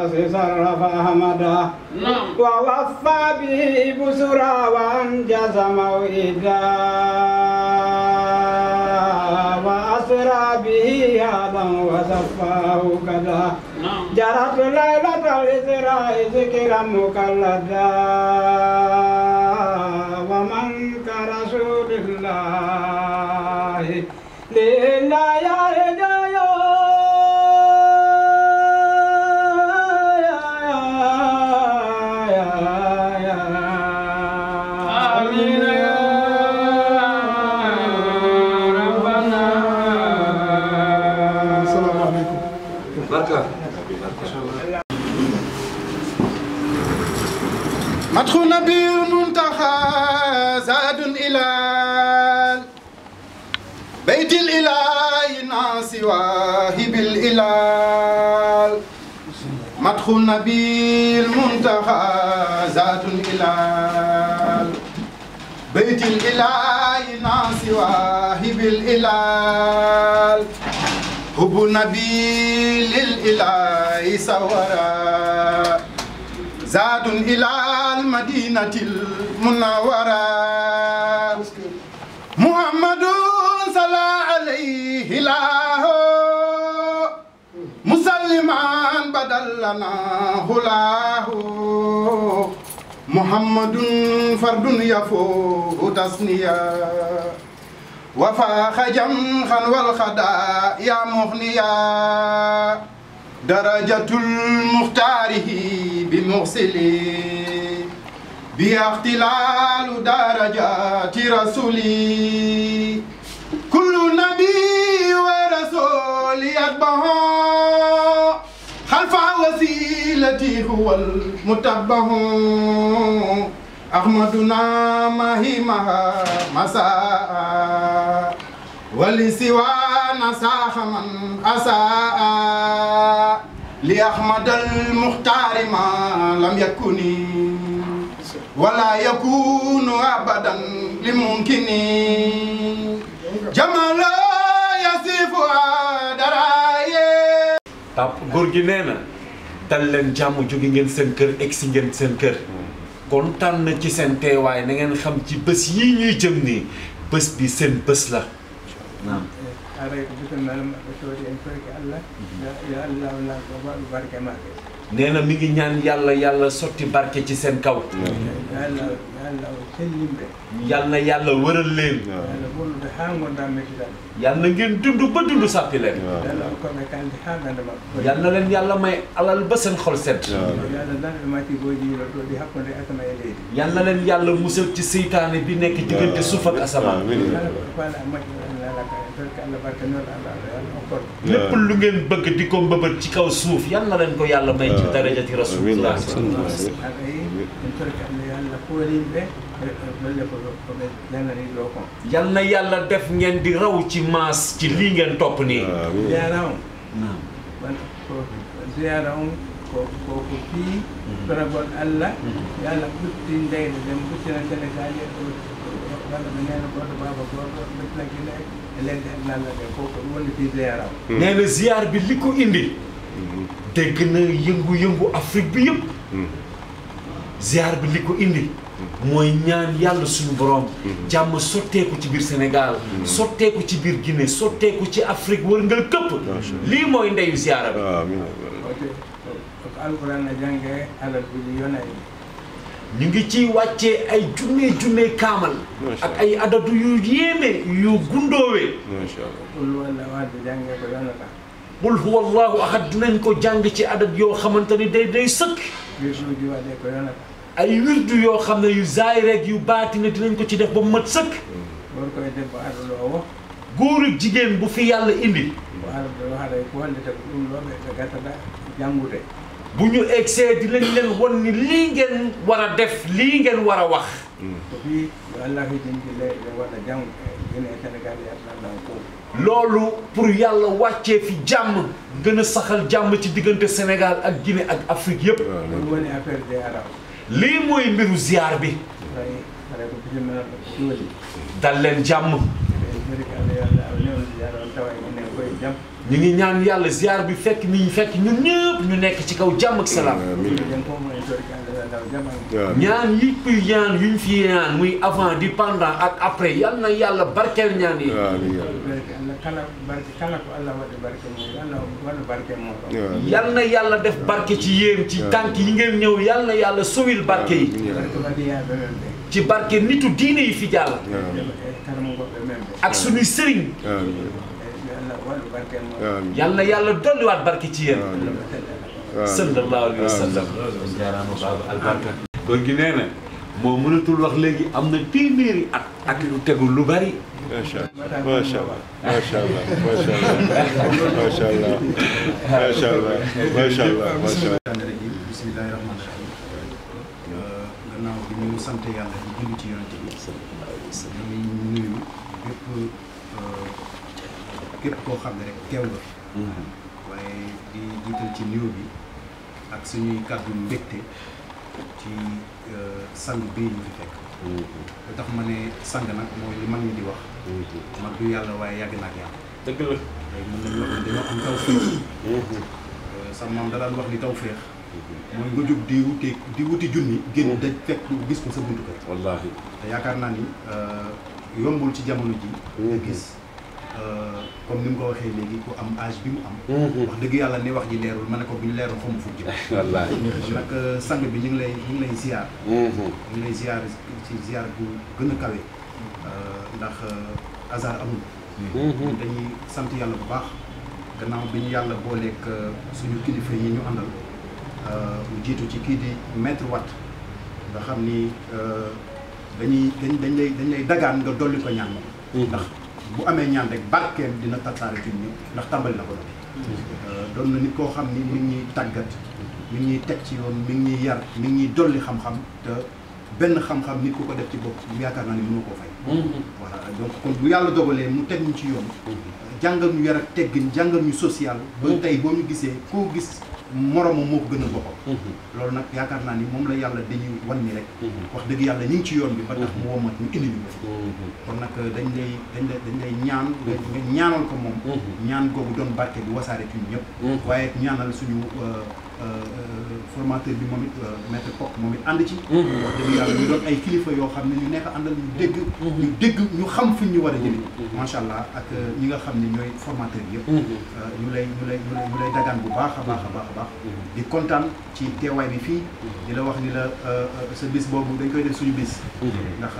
si sarvahamada Wa waffa bihi busura wa anjaza mawida Wa asra bihi adam wa safahu kada Jarat laylat al-isra izikira mukallada Wa man ka مدح بير المنتخى زاد إلى بيت الإله ناس واهب الإله مدح بير المنتخى زاد إلى بيت الإله ناس واهب الإله هب نبي للإله سورا زاد إلى المدينة المنورة محمد صلى عليه الله مسلما بدل لنا هلاه محمد فرد يفوه تسنيا وفا خجم خن والخدا يا مغنيا درجة المختار بمغسلي بها اختلال درجات رسولي كل نبي ورسول يتبع خلف وسيلتي هو المتبع أحمدنا ما مهما مساء ولسوان ساح من أساء لأحمد المختار ما لم يكن ولا يكون أبدا لممكن جمال يصف دراية طب غورغينينا تلن جامو جوغي نين سن كير اكسي نين سن كير كونتان نتي سن تي واي نين خم تي بس يي ني جيم ني بس بي سن بس لا Eh, arai kubisa nalam sori enfer ke alla ya alla wala ko ba barke ma neena mi ngi ñaan yalla yalla soti barke ci sen kaw yalla ya yal na yàlla wëral leen. yal na ngeen dund ba dund sàppi leen. yal na leen yàlla may alal ba seen xol set. yal na leen yàlla musal ci seytaane bi nekk diggante suuf ak asamaan. lépp lu ngeen bëgg di ko mbëbët ci kaw suuf yal na leen ko yàlla may ci darajati rasulullah kuréel yal na yàlla def ngeen di raw ci maas ci lii ngeen topp nii. ziyaara ziyaara ko ko ko fii. paragon mhm. allah. Mhm. yàlla butti mhm. ziyaar bi li ko indi dégg na yëngu-yëngu Afrique bi yëpp ziar bi li ko indi mooy ñaan yàlla suñu borom mhm. jàmm sotteeku ci biir Sénégal mhm. sotteeku ci biir Guinée sotteeku ci Afrique wërngal këpp lii mooy ndeyu ziara bi ñu ngi ci wàcce ay junne junne kaamal ak ay adadu yu yéeme yu gundoowee ko jàng ci adad yoo xamante ni day ay wirdu yoo xam ne yu zaay rek yu baati ne dinañ ko ci def ba mu mat sëkk. loolu koy def ba àll wax. góor ak jigéen bu fi yàlla indi. bu ñu egsee dinañ leen won ni lii ngeen war a def lii ngeen war a wax. Hmm. loolu pour yàlla wàccee fi jàmm gën a saxal jàmm ci diggante Sénégal ak Guinée ak Afrique yëpp. lii mooy mbiru ziar bi dal leen jàmm ñu ngi ñaan yàlla ziar bi fekk ni fekk ñun ñu nekk ci kaw jàmm ak salaam. ñaan yi kuy ñaan yuñ fi ñaan muy avant di pendant ak après yal na yàlla barkeel ñaan yi. yal na yàlla def barke ci yéen ci tànk yi ngeen ñëw yal na yàlla suwil barke yi. ci barke nitu diine yi fi jàll ak suñuy sëriñ yal na yàlla dolliwaat barke ci yéen sallallahu alayhi wa sallam jaaraama baaba albarka góor gi nee na moo mënatul wax léegi am na téeméeri at ak lu tegu lu bari macha allah macha allah macha allah macha allah macha allah macha allah macha allah macha allah gannaaw bi ñu sant yàlla di julli ci yonent bi ñuy euh, képp koo xam ne rek teew nga mm-hmm. waaye di jiital ci nuyu bi ak suñuy kàddu mbégte ci euh, sang bii ñu fi fekk lu mm-hmm. tax ma ne sang nag mooy li mag ñi di wax mm-hmm. mag du yàlla waaye yàgg na ak yàlla dëgg la mën nañu wax ne dañoo am tawféex euh, sa maam da daan wax ni tawféex mooy nga jóg di wuti di wuti junni. génn mm. daj fekk gis ko sa buntu kër. wallaahi te yaakaar naa ni euh, yombul ci jamono ji. Mm-hmm. nga gis euh, comme ni mu ko waxee léegi ku am âge bi mu am. Mm-hmm. wax dëgg yàlla ne wax ji leerul ma ne ko bu ñu leerul xamu fu ji. wallaahi nag sang bi ñu ngi lay ñu ngi lay ziar. Mm-hmm. ñu ngi lay ci ziar bu gën a kawe. Euh, ndax hasard amul. dañuy sant yàlla bu baax gannaaw bi ñu yàlla booleeg suñu kilifa yi ñu àndal. Euh, jiitu ci kii di maître Watt nga xam ni euh, dañuy dañ dañ lay dañ lay dagaan nga dolli ko ñaan moom mhm. ndax bu amee ñaan rek barkeem dina tasaare ci ñëpp ndax tàmbali na ko nag mhm. euh, doon na nit koo xam ni mi ngi ñuy tàggat mi ñuy teg ci yoon mi ngi ñuy yar mi ngi ñuy dolli xam-xam te benn xam-xam nit ku ko def ci bopp yaakaar naa ne mënu koo fay mhm. voilà donc kon bu yàlla dogalee mu teg ñu ci yoon jàngal ñu yar ak teggin jàngal ñu social ba tey boo ñu gisee koo gis moromam moo ko gënal boppam mhm. loolu nag yaakaar naa ni moom la yàlla dañuy wan ni rek mhm. wax dëgg yàlla ñu ci yoon bi ba tax mu mhm. womat ñu indi ñu ko kon nag euh, dañ lay dañ lay dañ lay ñaan nga ko moom ñaan googu doon barke bi wasaare ci ñëpp waaye ñaanal suñu euh, Uh, uh, formateur bi momit uh, maître pok momit and ci mm-hmm. wax deug yalla ñu doon ay kilifa yo xamni ñu nekk andal ñu dégg mm-hmm. ñu dégg ñu xam fu ñu wara jëm mm-hmm. ma sha Allah ak ñi nga xamni ñoy formateur yépp ñu lay ñu lay ñu lay dagan bu baaxa baaxa baaxa baax di contane ci téway bi fi di la wax ni la sa bis bobu dañ koy def suñu bis ndax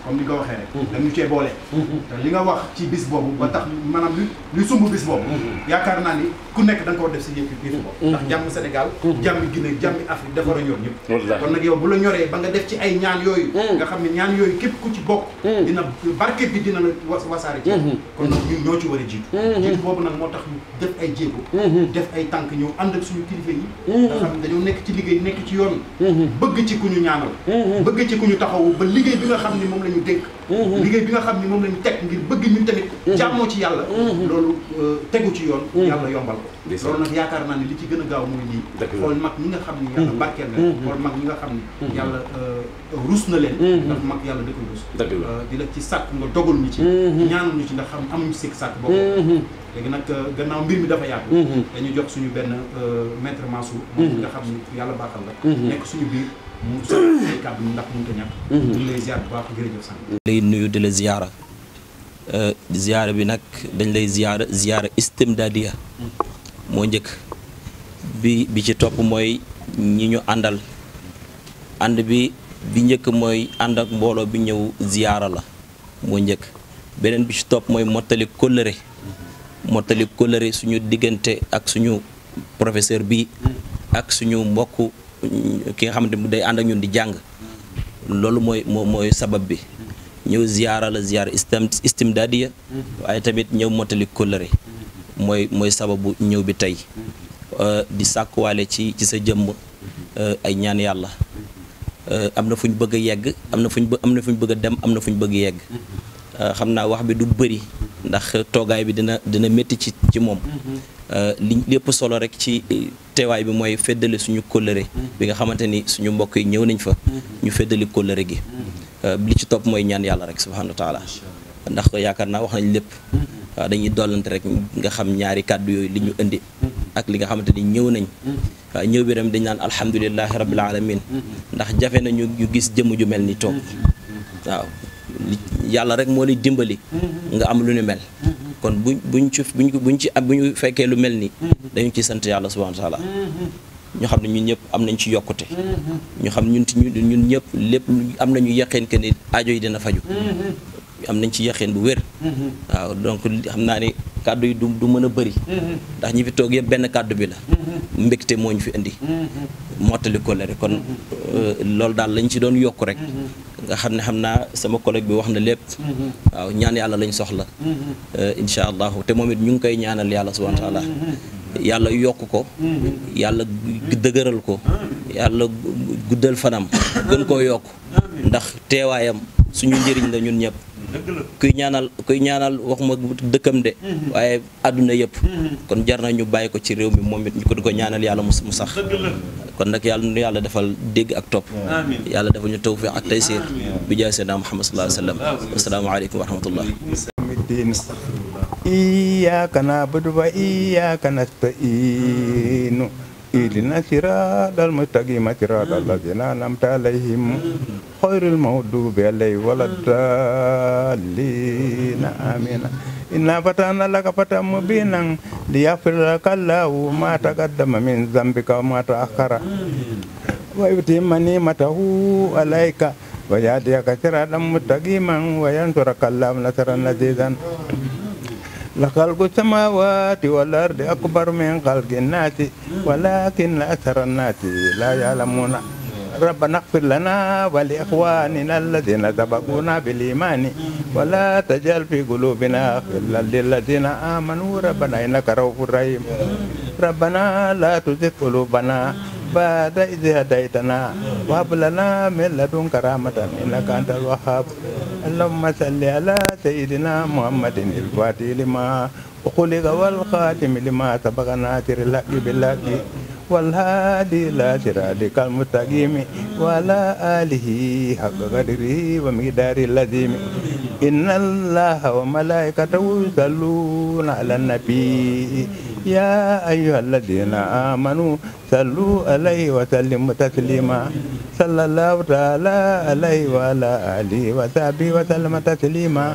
comme ni nga ko waxee rek. Mhm. dañu cee boole. Mhm. te li nga wax ci bis boobu. ba tax maanaam lu lu sumb bis boobu. Mhm. yaakaar naa ni ku nekk da nga ko def si yëpp biir bopp. ndax jàmm Sénégal. jàmmi Guinée jàmmi Afrique dafa war a ñor ñëpp. kon nag yow bu la ñoree ba nga def ci yooyu. képp ku ci bokk. dina barke bi dina la was wasaare ci. kon nag ñoo ci war a jiitu. jiitu boobu nag moo tax ñu def ay jéego. def ay tànk ñëw ànd ak suñu kilifa yi. nga xam ne dañoo nekk ci liggéey nekk ci yoon. bëgg ci ku ñu ñaanal. bëgg ci ku ñu taxawu ba liggéey bi nga xam ne moom la la ñu dénk mhm. liggéey bi nga xam ni moom la ñu teg ngir bëgg ñu tamit mhm. jàmmoo ci yàlla mhm. loolu euh, tegu ci yoon yàlla yombal ko loolu nag yaakaar naa ni li ci gën a gaaw mooy lii xool mag ñi nga xam ni yàlla barkeel na xool mag ñi nga xam ni yàlla euh, ruus na leen ndax mag yàlla da ko ruus euh, di la ci sàkk nga dogal ñu ci ñaanal ñu ci nga xam amuñu sikk sàkk boobu léegi nag gannaaw mbir mi dafa yàgg dañu jox suñu benn maître Mansour moom nga xam ni yàlla baaxal la nekk suñu biir mu a ñàkk. di mhm. lay ziar bu nuyu di la ziara euh, ziara bi nag dañ lay ziara ziara istimdaadiya mhm. moo njëkk bi bi ci topp mooy ñi ñu àndal ànd bi bi njëkk mooy ànd ak mbooloo bi ñëw ziara la moo njëkk beneen bi ci topp mooy mottali kóllëre mhm. mottali kóllëre suñu diggante ak suñu professeur bi ak suñu mbokk ki nga xamante day ànd ak ñun di jàng loolu mooy moo mooy sabab bi ñëw ziyaara la ziyaar istim istimdaadiya waaye tamit ñëw mottali kóllëre mooy mooy sababu ñëw bi tey euh, di sàkkuwaale ci ci sa jëmm euh, ay ñaan yàlla euh, am na fu ñu bëgg a yegg am na fu ñu na fu bëgg a dem am na fu ñu bëgg a yegg xam naa wax bi du bëri ndax toogaay bi dina dina métti ci ci moom mm-hmm. li lépp solo rek ci teewaay bi mooy feddali suñu kóllëre bi nga xamante ni suñu mbokk yi ñëw nañ fa ñu feddali kóllëre gi euh, li ci topp mooy ñaan yàlla rek subhaanahu wa taala ndax yaakaar naa wax nañ lépp waaw euh, dañuy dollante rek nga xam ñaari kàddu yooyu li ñu indi ak li nga xamante ni ñëw nañ waaw euh, ñëw bi ram dañ naan alhamdulilahi rabbil alamin ndax jafe nañu ñu gis jëmm ju mel ni toog waaw yàlla rek moo lay dimbali nga am lu ñu mel kon buñ buñ ci buñ buñ ci am buñ fekkee lu mel nii. Mm-hmm. dañu ci sant yàlla subhaana taala mm-hmm. ñu xam ne ñun ñëpp am nañ ci yokkute. Mm-hmm. ñu xam ñun ñun ñëpp lépp am nañu yaqeen que ni ajo yi dina faju am nañ ci yaqeen bu wér. waaw donc xam naa ni kàddu yi du du mën a bëri. ndax ñi fi toog yëpp benn kàddu bi la. mbégte moo ñu fi indi. mottali ko kon euh, loolu daal lañ ci doon yokk rek. nga xam ne xam naa sama collègue bi wax na lépp mm-hmm. waaw ñaan yàlla lañ soxla mm-hmm. euh, insha allahu te moom it ñu ngi koy ñaanal yàlla subhanahu wa taala mm-hmm. yàlla yokk ko yàlla dëgëral ko yàlla guddal fanam gën koo yokk ndax teewaayam suñu njëriñ la ñun ñëpp kuy ñaanal kuy ñaanal waxuma dëkkam de mhm. waaye àdduna yëpp mhm. kon jar na ñu bàyyi ko ci réew mi moom it ñu ko di ko ñaanal yàlla mu sax kon nag yàlla yàlla defal dégg ak topp yàlla defal ñu tawfiq ak taysir bi jaay seydina Muhammad sallallahu alayhi wa sallam assalaamu aleykum wa rahmatullah إلينا سراء المستقيم سراء الذين أنعمت عليهم خير المغضوب عليهم ولا الضالين آمين إنا فتحنا لك فتحا مبينا ليغفر لك الله ما تقدم من ذنبك وما تأخر ويتم نعمته عليك ويهديك صراطا مستقيما وينصرك الله نصرا عزيزا لخلق السماوات والأرض أكبر من خلق الناس ولكن اثر الناس لا يعلمون ربنا اغفر لنا ولإخواننا الذين سبقونا بالإيمان ولا تجعل في قلوبنا غلا للذين آمنوا ربنا إنك رؤوف رحيم ربنا لا تزغ قلوبنا بعد إذ هديتنا وهب لنا من لدنك رحمة إنك أنت الوهاب اللهم صل على سيدنا محمد الفاتح لما وخلق والخاتم لما سبق ناتر الحق بالحق والهادي لا صراطك المستقيم وعلى آله حق قدره ومقدار اللزيم إن الله وملائكته يصلون على النبي يا أيها الذين آمنوا صلوا عليه وسلموا تسليما صلى الله تعالى عليه وعلى آله وصحبه وسلم تسليما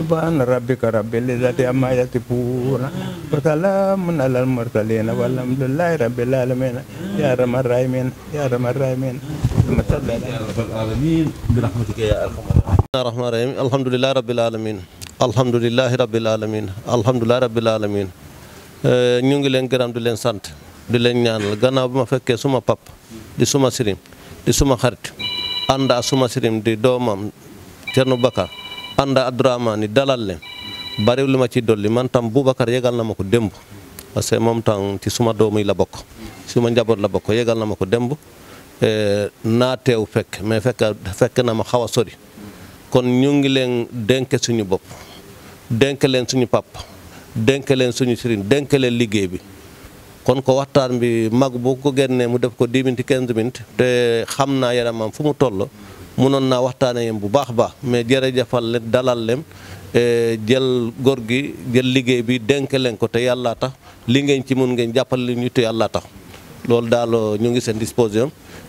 سبحان ربك رب العزة عما يصفون وسلام على المرسلين والحمد لله رب العالمين يا رب الراحمين يا رب الراحمين العالمين الله الرحمن الرحيم الحمد لله رب العالمين الحمد لله رب العالمين الحمد لله رب العالمين Euh, ñu ngi leen gërëm di leen sant du leen ñaanal gannaaw bi ma fekkee suma pap di suma sirim di suma xarit a suma sirim di doomam Cerno Bakar ànda Abdourahmane dalal leen bariw li ma ci dolli man tam Boubacar yegal na ma ko démb parce que moom tam ci suma doom yi la bokk suma njaboot la bokk yegal na ma ko démb euh, naa teew fekk mais fekk fekk na ma xaw a sori kon ñu ngi leen dénk suñu bopp dénk leen suñu papp dénk leen suñu sëriñ dénk leen liggéey bi kon ko waxtaan bi mag boo ko génnee mu def ko 10 minutes 15 minutes te xam naa yaramam fu mu toll munoon naa waxtaanee yem bu baax a baax mais jafal leen dalal leen e, jël góor gi jël liggéey bi dénk leen ko te yàllaa tax li ngeen ci mun ngeen jàppale ñu te yàllaa tax loolu daal ñu ngi seen disposition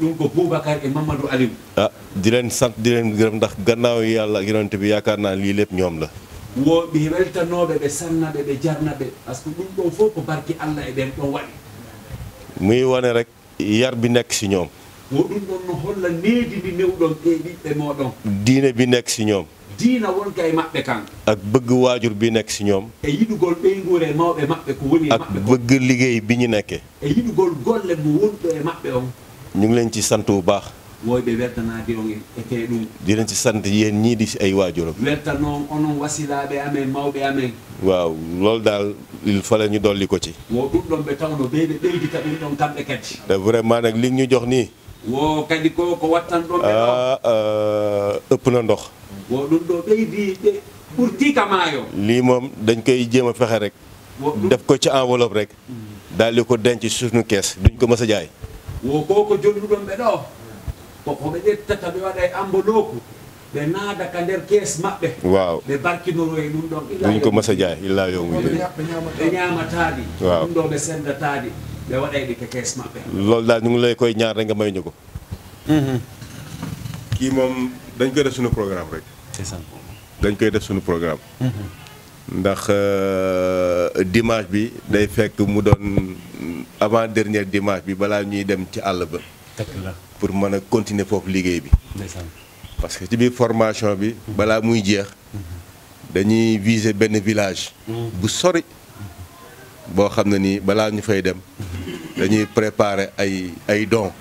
ñun ah, di leen sant di leen gërëm ndax gannaaw yàlla ak bi yaakaar naa lii lépp ñoom la. wo ɓe wone rek yar bi nekk ci ñoom e diine bi nekk si ñoom diina wonka e ak bëgg waajur bi nekk ci ñoom e ak bëgg liggéey bi ñu nekkee ñu ngi leen ci sant bu baax woyɓe werdanade ci sant yéen ñii di ay waajuram wertanoo onon waaw loolu daal il fallait ñu dolli ko ci wo ɗuɗɗon ɓe nag li ñu jox nii wo ah, ah, ëpp na ndox lii moom dañ koy jéem a fexe rek def ko ci enveloppe rek mm. daal di ko denc suñu kees duñ ko mës a jaay woko ko jonnuɗon ɓe ɗo koko ɓe ƴettata ɓe waɗa e amboloku ɓe naada ka nder kees maɓɓe waaw ɓe barkinoro e ɗum ɗon ɗum ko massa dia illa yo ɓe ñamataɗi ɗum ɗo ɓe sendataɗi ɓe waɗay e ɗi kees maɓɓe loolu daal ñu ngi lay koy ñaar rek nga may ñu ko mhm. kii moom dañ koy def suñu programme rek dañ koy def suñu programme mhm. ndax euh, dimanche bi day fekk mu doon avant dernier dimanche bi balaa ñuy dem ci àll ba. pour mën a continuer foofu liggéey bi. parce que ci biir formation bi. balaa muy jeex. dañuy viser benn village. bu sori. boo xam ne nii balaa ñu fay dem. dañuy préparer ay ay dons.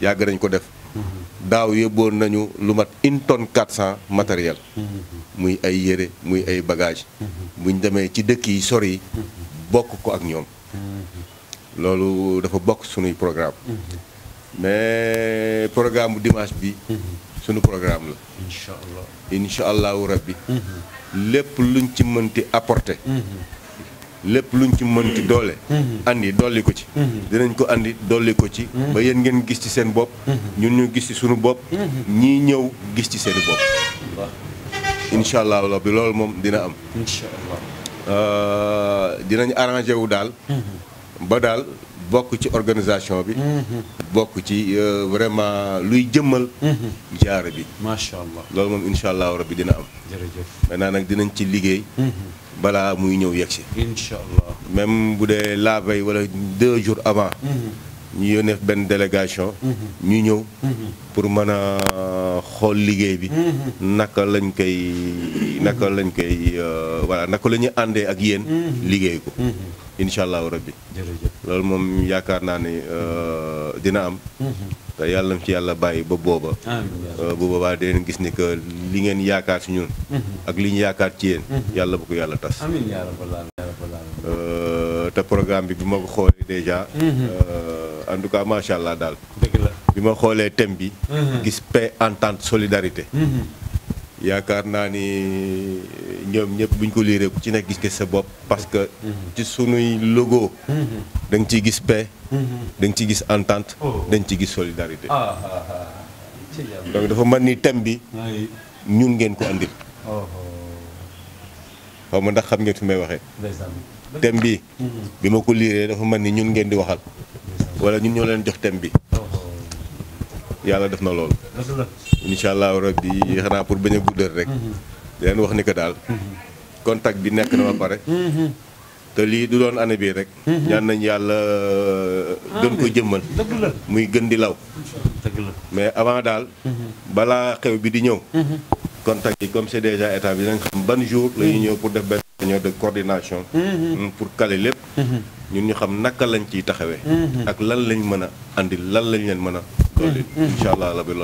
yàgg nañ ko def. daaw yóbboon nañu lu mat une tonne quatre cent matériel. muy ay yére muy ay bagage mm-hmm. buñ demee ci dëkk yi sori yi mm-hmm. bokk ko ak ñoom mm-hmm. loolu dafa bokk sunuy programme mais programme bu dimanche bi sunu programme la incha allah incha allahu rabbi lépp luñ ci mënti apporter lépp luñ ci mënti doole andi dolli ko ci dinañ ko andi dolli ko ci ba yéen ngeen gis ci seen bopp ñun ñu gis ci sunu bopp ñii ñëw gis ci seen bopp incha allah rabbi loolu moom dina am. incha allah euh, dinañ arrangé wu daal. Mm-hmm. ba daal bokk ci organisation bi. Mm-hmm. bokk ci euh, vraiment luy jëmmal. Mm-hmm. jaara bi. macha loolu moom incha allah rabbi dina am. jërëjëf maintenant nag dinañ ci liggéey. balaa muy ñëw yegg si. incha bu dee la veille wala deux jours avant. ñu yónnee benn délégation. ñu ñëw. pour mën a. xool liggéey bi. Mm-hmm. naka lañ koy naka lañ koy euh, voilà naka la ñuy àndee ak yéen. Mm-hmm. liggéey ko. Mm-hmm. incha allahu rabbi. loolu moom yaakaar naa ne euh, dina am. te yàlla na ci yàlla bàyyi ba booba. Euh, bu booba dinañ gis ni que li ngeen yaakaar si ñun. ak li ñu yaakaar ci yéen. yàlla bu ko yàlla tas. amiin yaa te programme bi bu ma ko xoolee déjà. en tout cas macha allah daal. bi ma xoolee thème bi. Mhm. gis paix entente solidarité. Mhm. yaakaar naa ni ñoom ñëpp buñ ko liiree ku ci nekk gis ko sa bopp parce que. Mhm. ci sunuy logo. da nga ciy gis paix. da nga ciy gis entente. Oh. da nga ciy gis solidarité. Ah, ah, ah. donc dafa mel ni thème bi. ñun ngeen ko andil. Oh, oh. xaw ma xam ngeen fi may waxee. thème bi. bi ma ko liiree dafa mel ni ñun ngeen di waxal. wala ñun ñoo leen jox thème bi. yàlla def na loolu. incha allah rabbi xanaa pour bañ a guddal rek. Mm-hmm. di wax ni que daal. Mm-hmm. contact bi nekk na pare. Mm-hmm. te lii du doon année bii rek. ñaan nañ yàlla ah, gën ko jëmmal. muy gën di law. mais avant daal. balaa xew bi di ñëw. contact yi comme c'est déjà état bi dinañ xam ban jour la ñuy ñëw pour def benn réunion de coordination. Mm, pour caler lépp. ñun ñu xam naka lañ ci taxawee. ak lan lañ mën a andi lan lañ leen mën a. tool yi incha allah